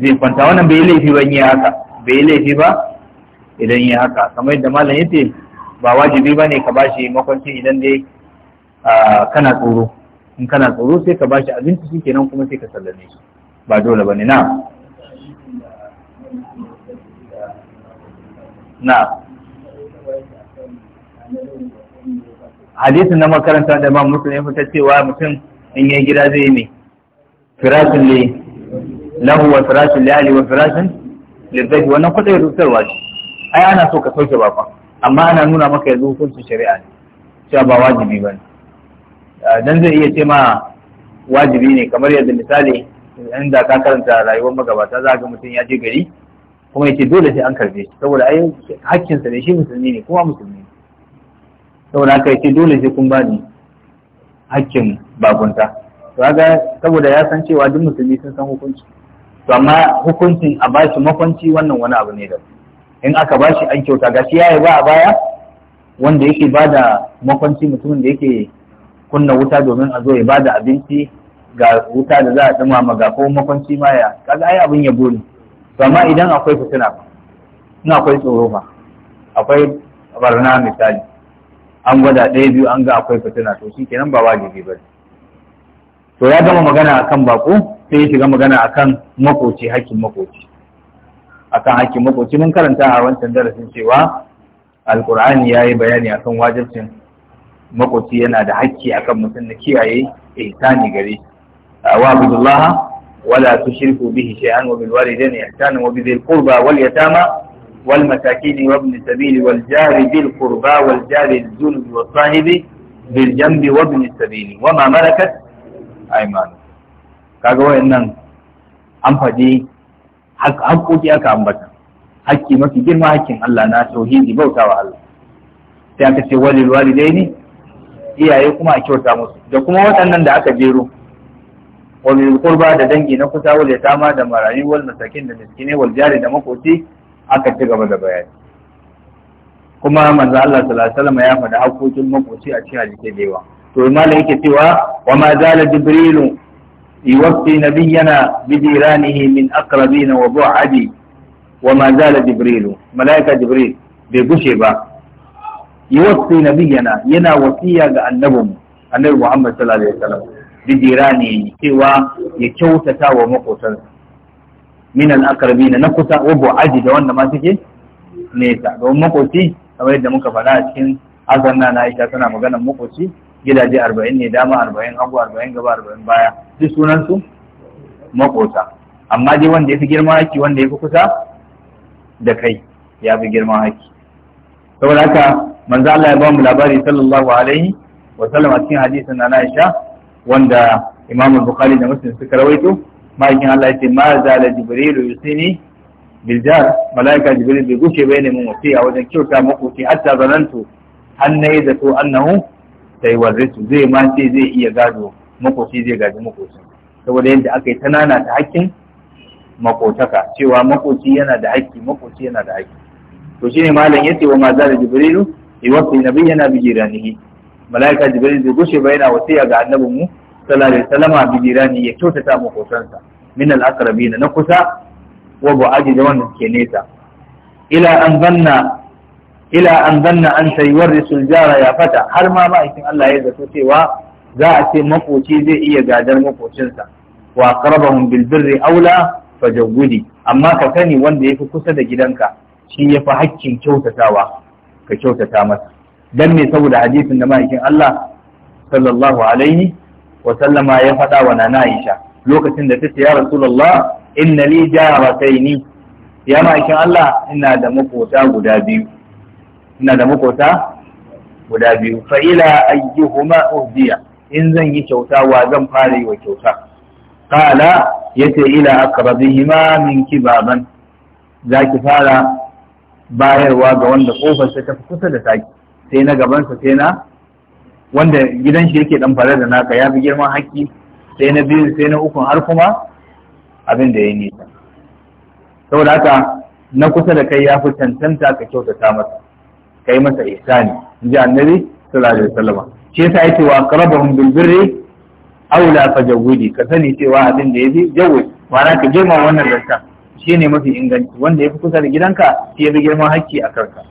Speaker 1: zai kwanta wannan bai laifi ba in yi haka bai laifi ba idan yi haka kamar yadda malam yace ba wajibi ba ne ka bashi makwancin idan dai eh, kana tsoro in kana tsoro sai ka bashi abinci shi kenan kuma sai ka sallame shi ba dole bane na na hadisi na makaranta da ba mutum ya fita cewa mutum in yi gida zai yi mai firashin ne lahu wa firashin li ali wa firashin lirzaji wannan ya rutarwa ce ai ana so ka sauke bakon amma ana nuna maka yanzu hukuncin shari'a ne cewa ba wajibi ba ne Eh, dan zai iya ce ma wajibi ne kamar yadda misali inda ka karanta rayuwar magabata za ga mutum ya je gari kuma ya ce dole sai an karbe shi saboda ai hakkinsa ne shi musulmi ne kuma musulmi saboda haka ya ce dole sai kun bani hakkin bakunta to haka saboda ya san cewa duk musulmi sun san hukunci to amma hukuncin a bashi makwanci wannan wani abu ne da in aka bashi an kyauta gashi ya yi ba a baya wanda yake ba da makwanci mutumin da yake kunna wuta domin a zo ya bada abinci ga wuta da za a ma ga ko makwanci ma ya kaga ai abin ya buri. to amma idan akwai fitina ba in akwai tsoro ba akwai barna misali an gwada ɗaya biyu an ga akwai fitina to shi kenan ba wajibi ba to ya gama magana akan bako sai ya shiga magana akan makoci hakkin makoci akan hakkin makoci mun karanta a wancan darasin cewa alkur'ani ya yi bayani akan wajibcin makoci yana da hakki akan mutum na kiyaye ihsani gare shi wa abdullah wala tushriku bihi shay'an wa bil walidayni na wa bidhil qurba wal yatama wal masakin wa ibn sabil wal jari bil qurba wal jari al junub wa sahibi bil janbi wa ibn sabil wa ma malakat aymanu kaga wayannan an faɗi haƙƙoƙi aka ambata Hakki mafi girma hakkin. Allah na tauhidi bautawa Allah sai aka ce walil walidaini iyaye kuma a kyauta musu da kuma waɗannan da aka jero wani kurba da dangi na kusa ta yatama da marayu wal masakin da miskine wal jari da makoci aka ci gaba da bayani kuma manzo Allah sallallahu alaihi wasallam ya faɗa hakokin makoci a cikin hadisi da yawa to malam yake cewa wa ma zala jibrilu aqrabina wa bu'adi wa ma وبعدي jibril Malaika Jibril, bai gushe ba. yuwassi nabiyana yana wasiya ga annabinmu annabi Muhammad sallallahu alaihi wasallam bijira ne cewa ya kyautata wa makotansa min al-aqrabina na kusa wa aji da wanda ma suke nesa don makoci kamar yadda muka faɗa a cikin azanna na Aisha tana maganar makoci gidaje arba'in ne dama arba'in hagu arba'in gaba arba'in baya duk sunansu makota amma dai wanda ya fi girman haki wanda ya fi kusa da kai ya fi girman haki
Speaker 2: saboda haka
Speaker 1: manzo Allah ya ba mu labari sallallahu alaihi wa sallam a cikin hadisin na Aisha wanda Imam Bukhari da Muslim suka rawaito ma'aikin Allah ya ce ma zala jibril yusini bil jar malaika jibril bai gushe bai ne mun a wajen kyauta muku ce hatta zanantu annai da to annahu sai warisu zai ma ce zai iya gado makoci zai gaji makocin. saboda yadda aka yi ta nana ta hakkin makotaka cewa makoci yana da haƙƙi makoci yana da haƙƙi to shine malam yace wa ma zala jibrilu yuwassi yana bi jiranihi malaika jibril bai gushe ba yana wasiya ga annabin mu sallallahu alaihi wasallam bi ya kyautata mu kosansa min al aqrabina na kusa wa aji da wanda suke nesa ila an zanna ila an zanna an sayuwarrisu jara ya fata har ma ma'aikin Allah ya zato cewa za a ce makoci zai iya gadar makocinsa wa aqrabahum bil birri aula fajawwidi amma ka kani wanda fi kusa da gidanka shi yafi hakkin kyautatawa ka kyautata masa dan me saboda hadisin da ma'aikin Allah sallallahu alaihi wa sallama ya faɗa wa nana Aisha lokacin da ta ya Rasulullah inna li jarataini ya ma'aikin Allah ina da makota guda biyu ina da makota guda biyu fa ila ayyuhuma uhdiya in zan yi kyauta wa zan fara yi wa kyauta qala yace ila aqrabihima min kibaban zaki fara bayarwa ga wanda kofarsa ta kusa da taki sai na gabansa sai na wanda gidan shi yake dan fara da naka ya fi girman haƙƙi sai na biyu sai na ukun har kuma abin da ya nisa saboda haka na kusa da kai ya fi cancanta ka kyautata masa kai masa ihsani in ji annabi sallallahu alaihi wasallam shi yasa yake wa aqrabahum bil birri aula fajawidi ka sani cewa abin da fi, jawwi ma'ana ka girma wannan zanta shi ne mafi inganci wanda ya fi kusa da gidanka shi ya fi girman hakki a karka.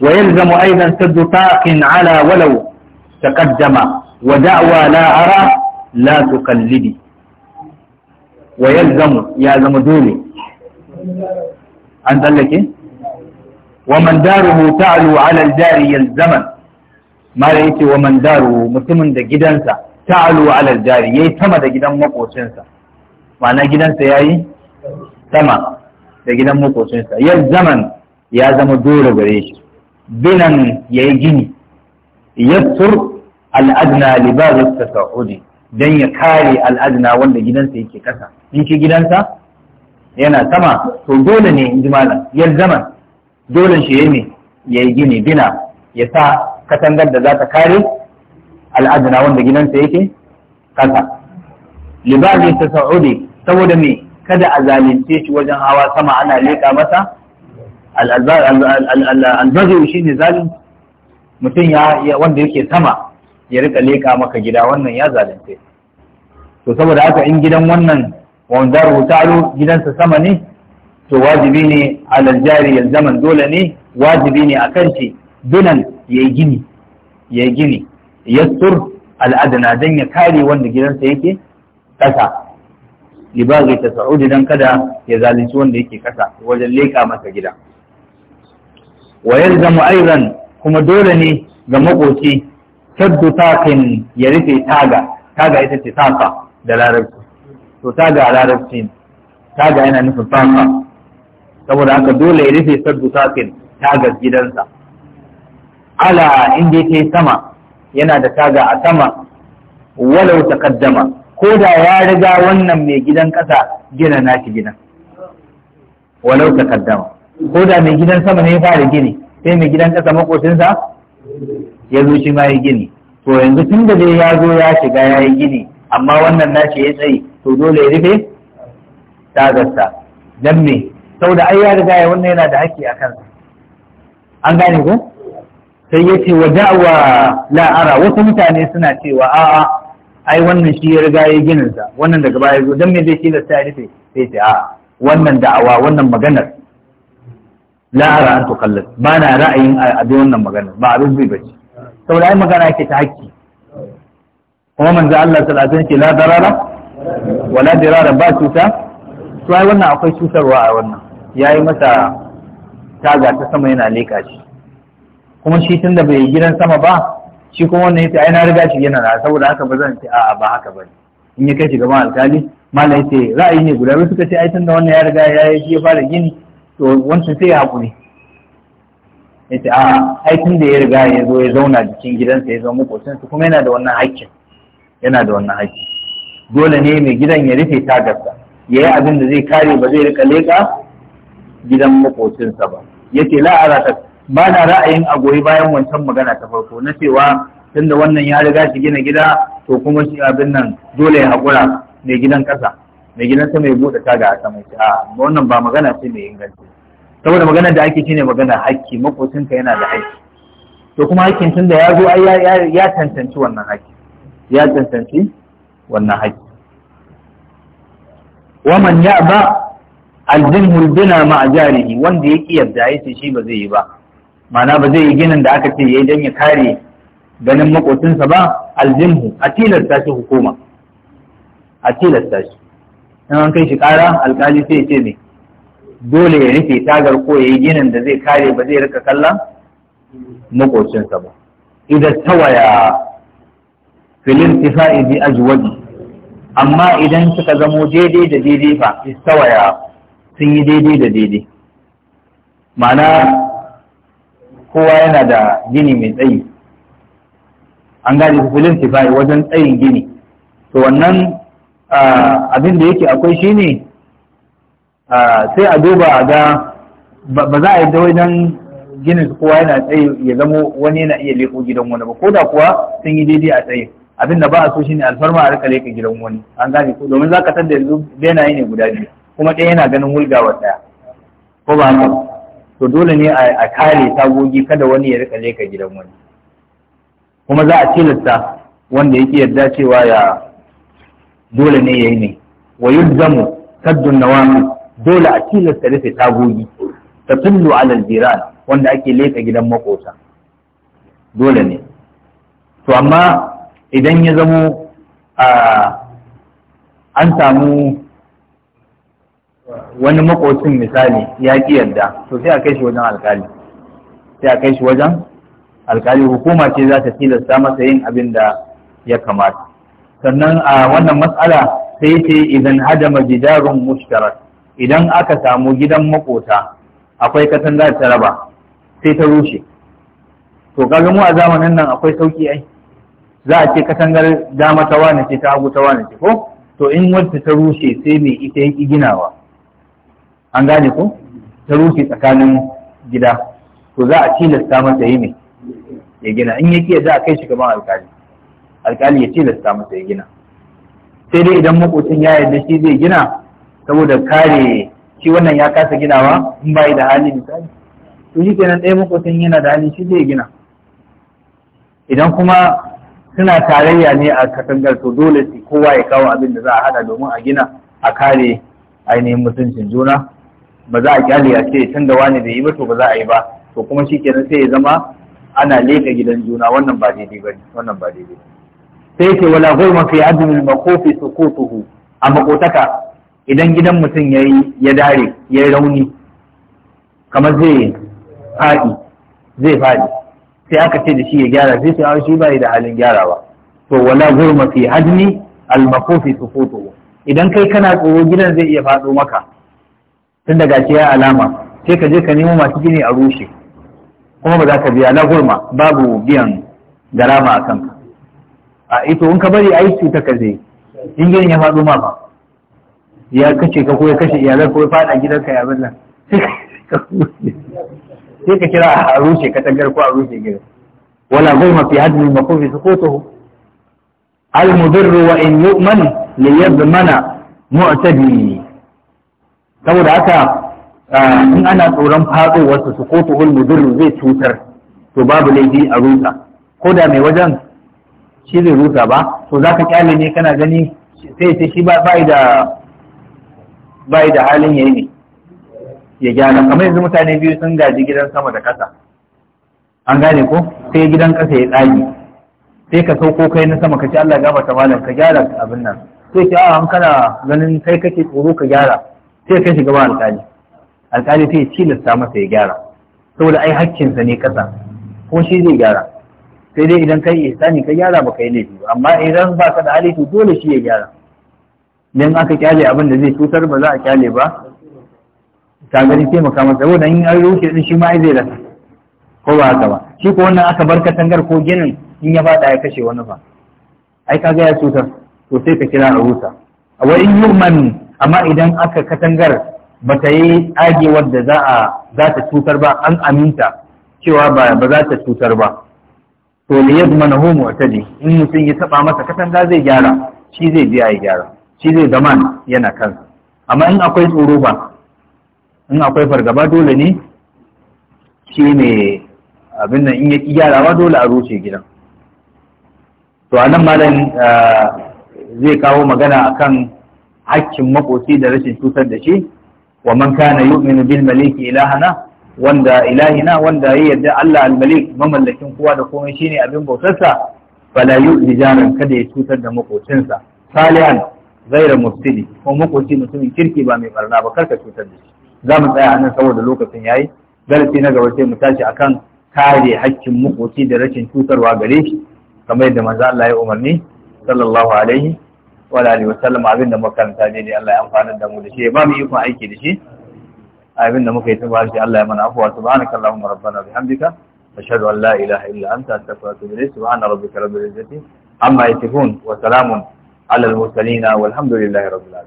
Speaker 1: wa yalzamu aidan saddu taqin ala walau ƙaddama, wa da'wa la ara la tuqallidi wa yalzamu ya zama dole an tsallake wa man daruhu ta'lu ala al-jari yalzaman mala yace wa man daruhu mutumin da gidansa ta'lu ala al-jari yayi sama da gidan makocinsa ma'ana gidansa yayi sama da gidan makocinsa yau zaman ya zama dole gare shi binan ya yi gini tur, al'adna ta sa'udi don ya kare al'adna wanda gidansa yake kasa in shi gidansa yana sama to dole ne in ji malam yau zaman dole shi ya ya yi gini bina ya sa katangar da za ta kare al'adna wanda gidansa yake kasa ta sa'udi saboda me kada a zalunce shi wajen hawa sama ana leƙa masa albazu shi ne zalunci mutum ya wanda yake sama ya rika leƙa maka gida wannan ya zalunce to saboda haka in gidan wannan wanda rutaru gidansa sama ne to wajibi ne alal jari yal zaman dole ne wajibi ne a kan shi ya yayi gini ya gini yastur al'adana don ya kare wanda gidansa yake ƙasa libaghi ta sa'udi dan kada ya zalunci wanda yake kasa wajen leka masa gida wa yalzamu aidan kuma dole ne ga makoci saddu taqin ya rufe taga taga ita ce taqa da larabci to taga a larabci taga yana nufin taqa saboda haka dole ya rufe saddu taqin taga gidansa ala inda yake sama yana da taga a sama walau taqaddama ko da ya riga wannan mai gidan ƙasa gina nashi gidan walau ta kaddama ko da mai gidan sama ne ya fara gini sai mai gidan ƙasa makocinsa ya zo shi ma ya gini to yanzu tun da zai ya zo ya shiga ya yi gini amma wannan nashi ya tsayi, to dole ya rufe tagarsa don me Sau da ai ya riga ya wannan yana da haƙƙi a kansa an gane ko sai ya ce wa da'wa la'ara wasu mutane suna cewa a'a ai wannan shi ya riga ya ginin sa wannan daga baya zo dan me zai sai ya rufe sai ce a wannan da'awa wannan maganar la ara an tukallas ba na ra'ayin abin wannan maganar ba abin bai bace saboda ai magana yake ta haƙƙi kuma manzo Allah sallallahu alaihi wasallam ke la darara wala dirara ba cuta to ai wannan akwai cutarwa a wannan yayi masa taga ta sama yana leka shi kuma shi tunda bai gidan sama ba shi kuma wannan yace ai na riga shi yana da saboda haka ba zan ce a'a ba haka bane in ya kai shi gaban alkali malam yace ra'ayi ne guda biyu suka ce ai tunda wannan ya riga ya yi ya fara gini to wancan sai ya hakuri yace a'a ai tunda ya riga ya zo ya zauna cikin gidansa ya zama su kuma yana da wannan haƙƙin yana da wannan dole ne mai gidan ya rufe tagarsa ya yi abin da zai kare ba zai rika leƙa gidan makocinsa ba yake la'ara ta ba na ra'ayin a goyi bayan wancan magana ta farko na cewa tunda wannan ya riga shi gina gida to kuma shi abin nan dole ya haƙura mai gidan ƙasa mai gidan sama ya buɗe taga a sama a wannan ba magana ce mai inganci saboda magana da ake shine magana hakki makocinka yana da haƙƙi. to kuma hakkin tun da ya zo ai ya tantanci wannan haƙƙi. ya cancanci wannan haƙƙi waman ya'ba aljinhul bina ma'a jarihi wanda ya ki yarda yace shi ba zai yi ba ma'ana ba zai yi ginin da aka ce yayi dan ya kare ganin makotinsa ba aljinhu a tilasta shi hukuma a tilasta shi in an kai shi kara alkali sai ya ce ne dole ya rufe tagar ko ya yi ginin da zai kare ba zai rika kallon makocinsa ba idan tawaya filin tifa bi ajwabi amma idan suka zamo daidai da daidai ba istawaya sun yi daidai da daidai ma'ana kowa yana da gini mai tsayi an gane filin tifai wajen tsayin gini to wannan abin da yake akwai shine sai a duba a ga ba za a yi dawai don ginin su kowa yana tsayi ya zamo wani yana iya leko gidan wani ba ko da kuwa sun yi daidai a tsaye abin da ba a so shine alfarma a rika leka gidan wani an gane ko domin za ka tar yanzu benaye ne guda biyu kuma ɗaya yana ganin hulgawar ɗaya ko ba haka to dole ne a kare tagogi kada wani ya rika leka gidan wani kuma za a tilasta wanda yake yarda cewa ya dole ne ya yi ne wa yulzamu saddun nawami dole a tilasta rufe tagogi ta tullu alal jiran wanda ake leka gidan makota dole ne to amma idan ya zamo an samu wani makocin misali ya ki yarda to sai a kai shi wajen alkali sai a kai shi wajen alkali hukuma ce za ta tilasta masa yin abin da ya kamata sannan a wannan matsala sai ce idan hadama jidarun mushtarak idan aka samu gidan makota akwai katanga ta raba sai ta rushe to kaga mu a zamanin nan akwai sauki ai za a ce katangar dama ta wani ce ta hagu ta wani ce ko to in wacce ta rushe sai mai ita yake ginawa an gane ko ta rufe tsakanin gida to za a tilasta masa yi ne ya gina in yake za a kai shi gaban alkali alkali ya tilasta masa ya gina sai dai idan makocin ya yarda shi zai gina saboda kare shi wannan ya kasa ginawa in bai da hali misali to shi kenan ɗaya makocin yana da hali shi zai gina idan kuma suna tarayya ne a katangar to dole kowa ya kawo abin da za a hada domin a gina a kare ainihin mutuncin juna ba za a kyale a ce can da wani bai yi ba to ba za a yi ba to kuma shi kenan sai ya zama ana leka gidan juna wannan ba daidai ba wannan ba daidai
Speaker 2: sai ce wala gulma fi
Speaker 1: admin makofi sukutuhu a makotaka idan gidan mutum yi ya dare yi rauni kamar zai faɗi zai faɗi sai aka ce da shi ya gyara sai sai ah, shi bai da halin gyarawa to wala gulma fi admi al makofi sukutuhu idan kai kana tsoro gidan zai iya faɗo maka tun daga ce ya alama sai ka je ka nemo masu gini a rushe kuma ba za ka biya na gurma babu biyan garama a kanka a ito eh in ka bari a yi cuta ka zai in gini ya faɗo ma ba ya kace ka ko ya kashe iyalar ko ya faɗa gidanka ya bala sai ka kira a rushe katangar ko a rushe gida wala gurma fi hadmi makufi sukutuhu al mudirru wa in yu'man li yadmana mu'tadi saboda haka ah, in ana tsoron fadowarsa su ko tuhul mudirru zai cutar to babu laifi a rusa ko da mai wajen shi zai rusa ba to za ka kyale ne kana gani sai sai shi ba bai da bai da halin yayi ne ya gyara kamar yanzu mutane biyu sun gaji gidan sama da kasa an gane ko sai gidan ƙasa ya tsagi sai ka sauko kai na sama ka ce Allah gafarta malam ka gyara abin nan sai ce a an kana ganin kai kake tsoro ka gyara sai kai shi ba alkali alkali sai ya cilasta masa ya gyara saboda ai hakkinsa ne kasa ko shi zai gyara sai dai idan kai ihsani ka gyara ba kai laifi ba amma idan ba ka da hali to dole shi ya gyara idan aka kyale abin da zai cutar ba za a kyale ba ta gani taimaka masa saboda in an rushe din shi ma zai rasa ko ba haka ba shi ko wannan aka bar katangar ko ginin in ya fada ya kashe wani ba ai ga ya cutar to sai ka kira a rusa a wa in yu'man amma idan aka katangar ba ta yi agewar da za a za ta cutar ba an aminta cewa ba za ta cutar ba to homo ta ne in mutum ya taba masa katanga zai gyara shi zai biya ya gyara shi zai zama yana kansa amma in akwai tsoro ba in akwai fargaba dole ne shi ne abin nan in ya gyarawa dole a rushe gidan to a malam eh, zai kawo magana akan hakkin makoci da rashin cutar da shi wa man kana yu'minu bil maliki ilahana wanda ilahina wanda ya yarda Allah al-malik mamallakin kowa da komai shine abin bautarsa fala yu'zi jaran kada ya cutar da makocinsa salihan zaira mufsidi ko makoci mutumin kirki ba mai barna ba karka cutar da shi za mu tsaya anan saboda lokacin yayi darasi na gaba sai mu tashi akan kare hakkin makoci da rashin cutarwa gare shi kamar yadda manzo Allah ya umarni sallallahu alaihi wa alihi wa sallam abin da makaranta ne ne Allah ya amfana da mu da shi ba mu ikon aiki da shi abin da muka yi tabar shi Allah ya mana afuwa subhanaka allahumma rabbana bihamdika ashhadu an la ilaha illa anta astaghfiruka wa atubu subhana rabbika rabbil izzati amma yasifun wa salamun ala al mursalin walhamdulillahi rabbil alamin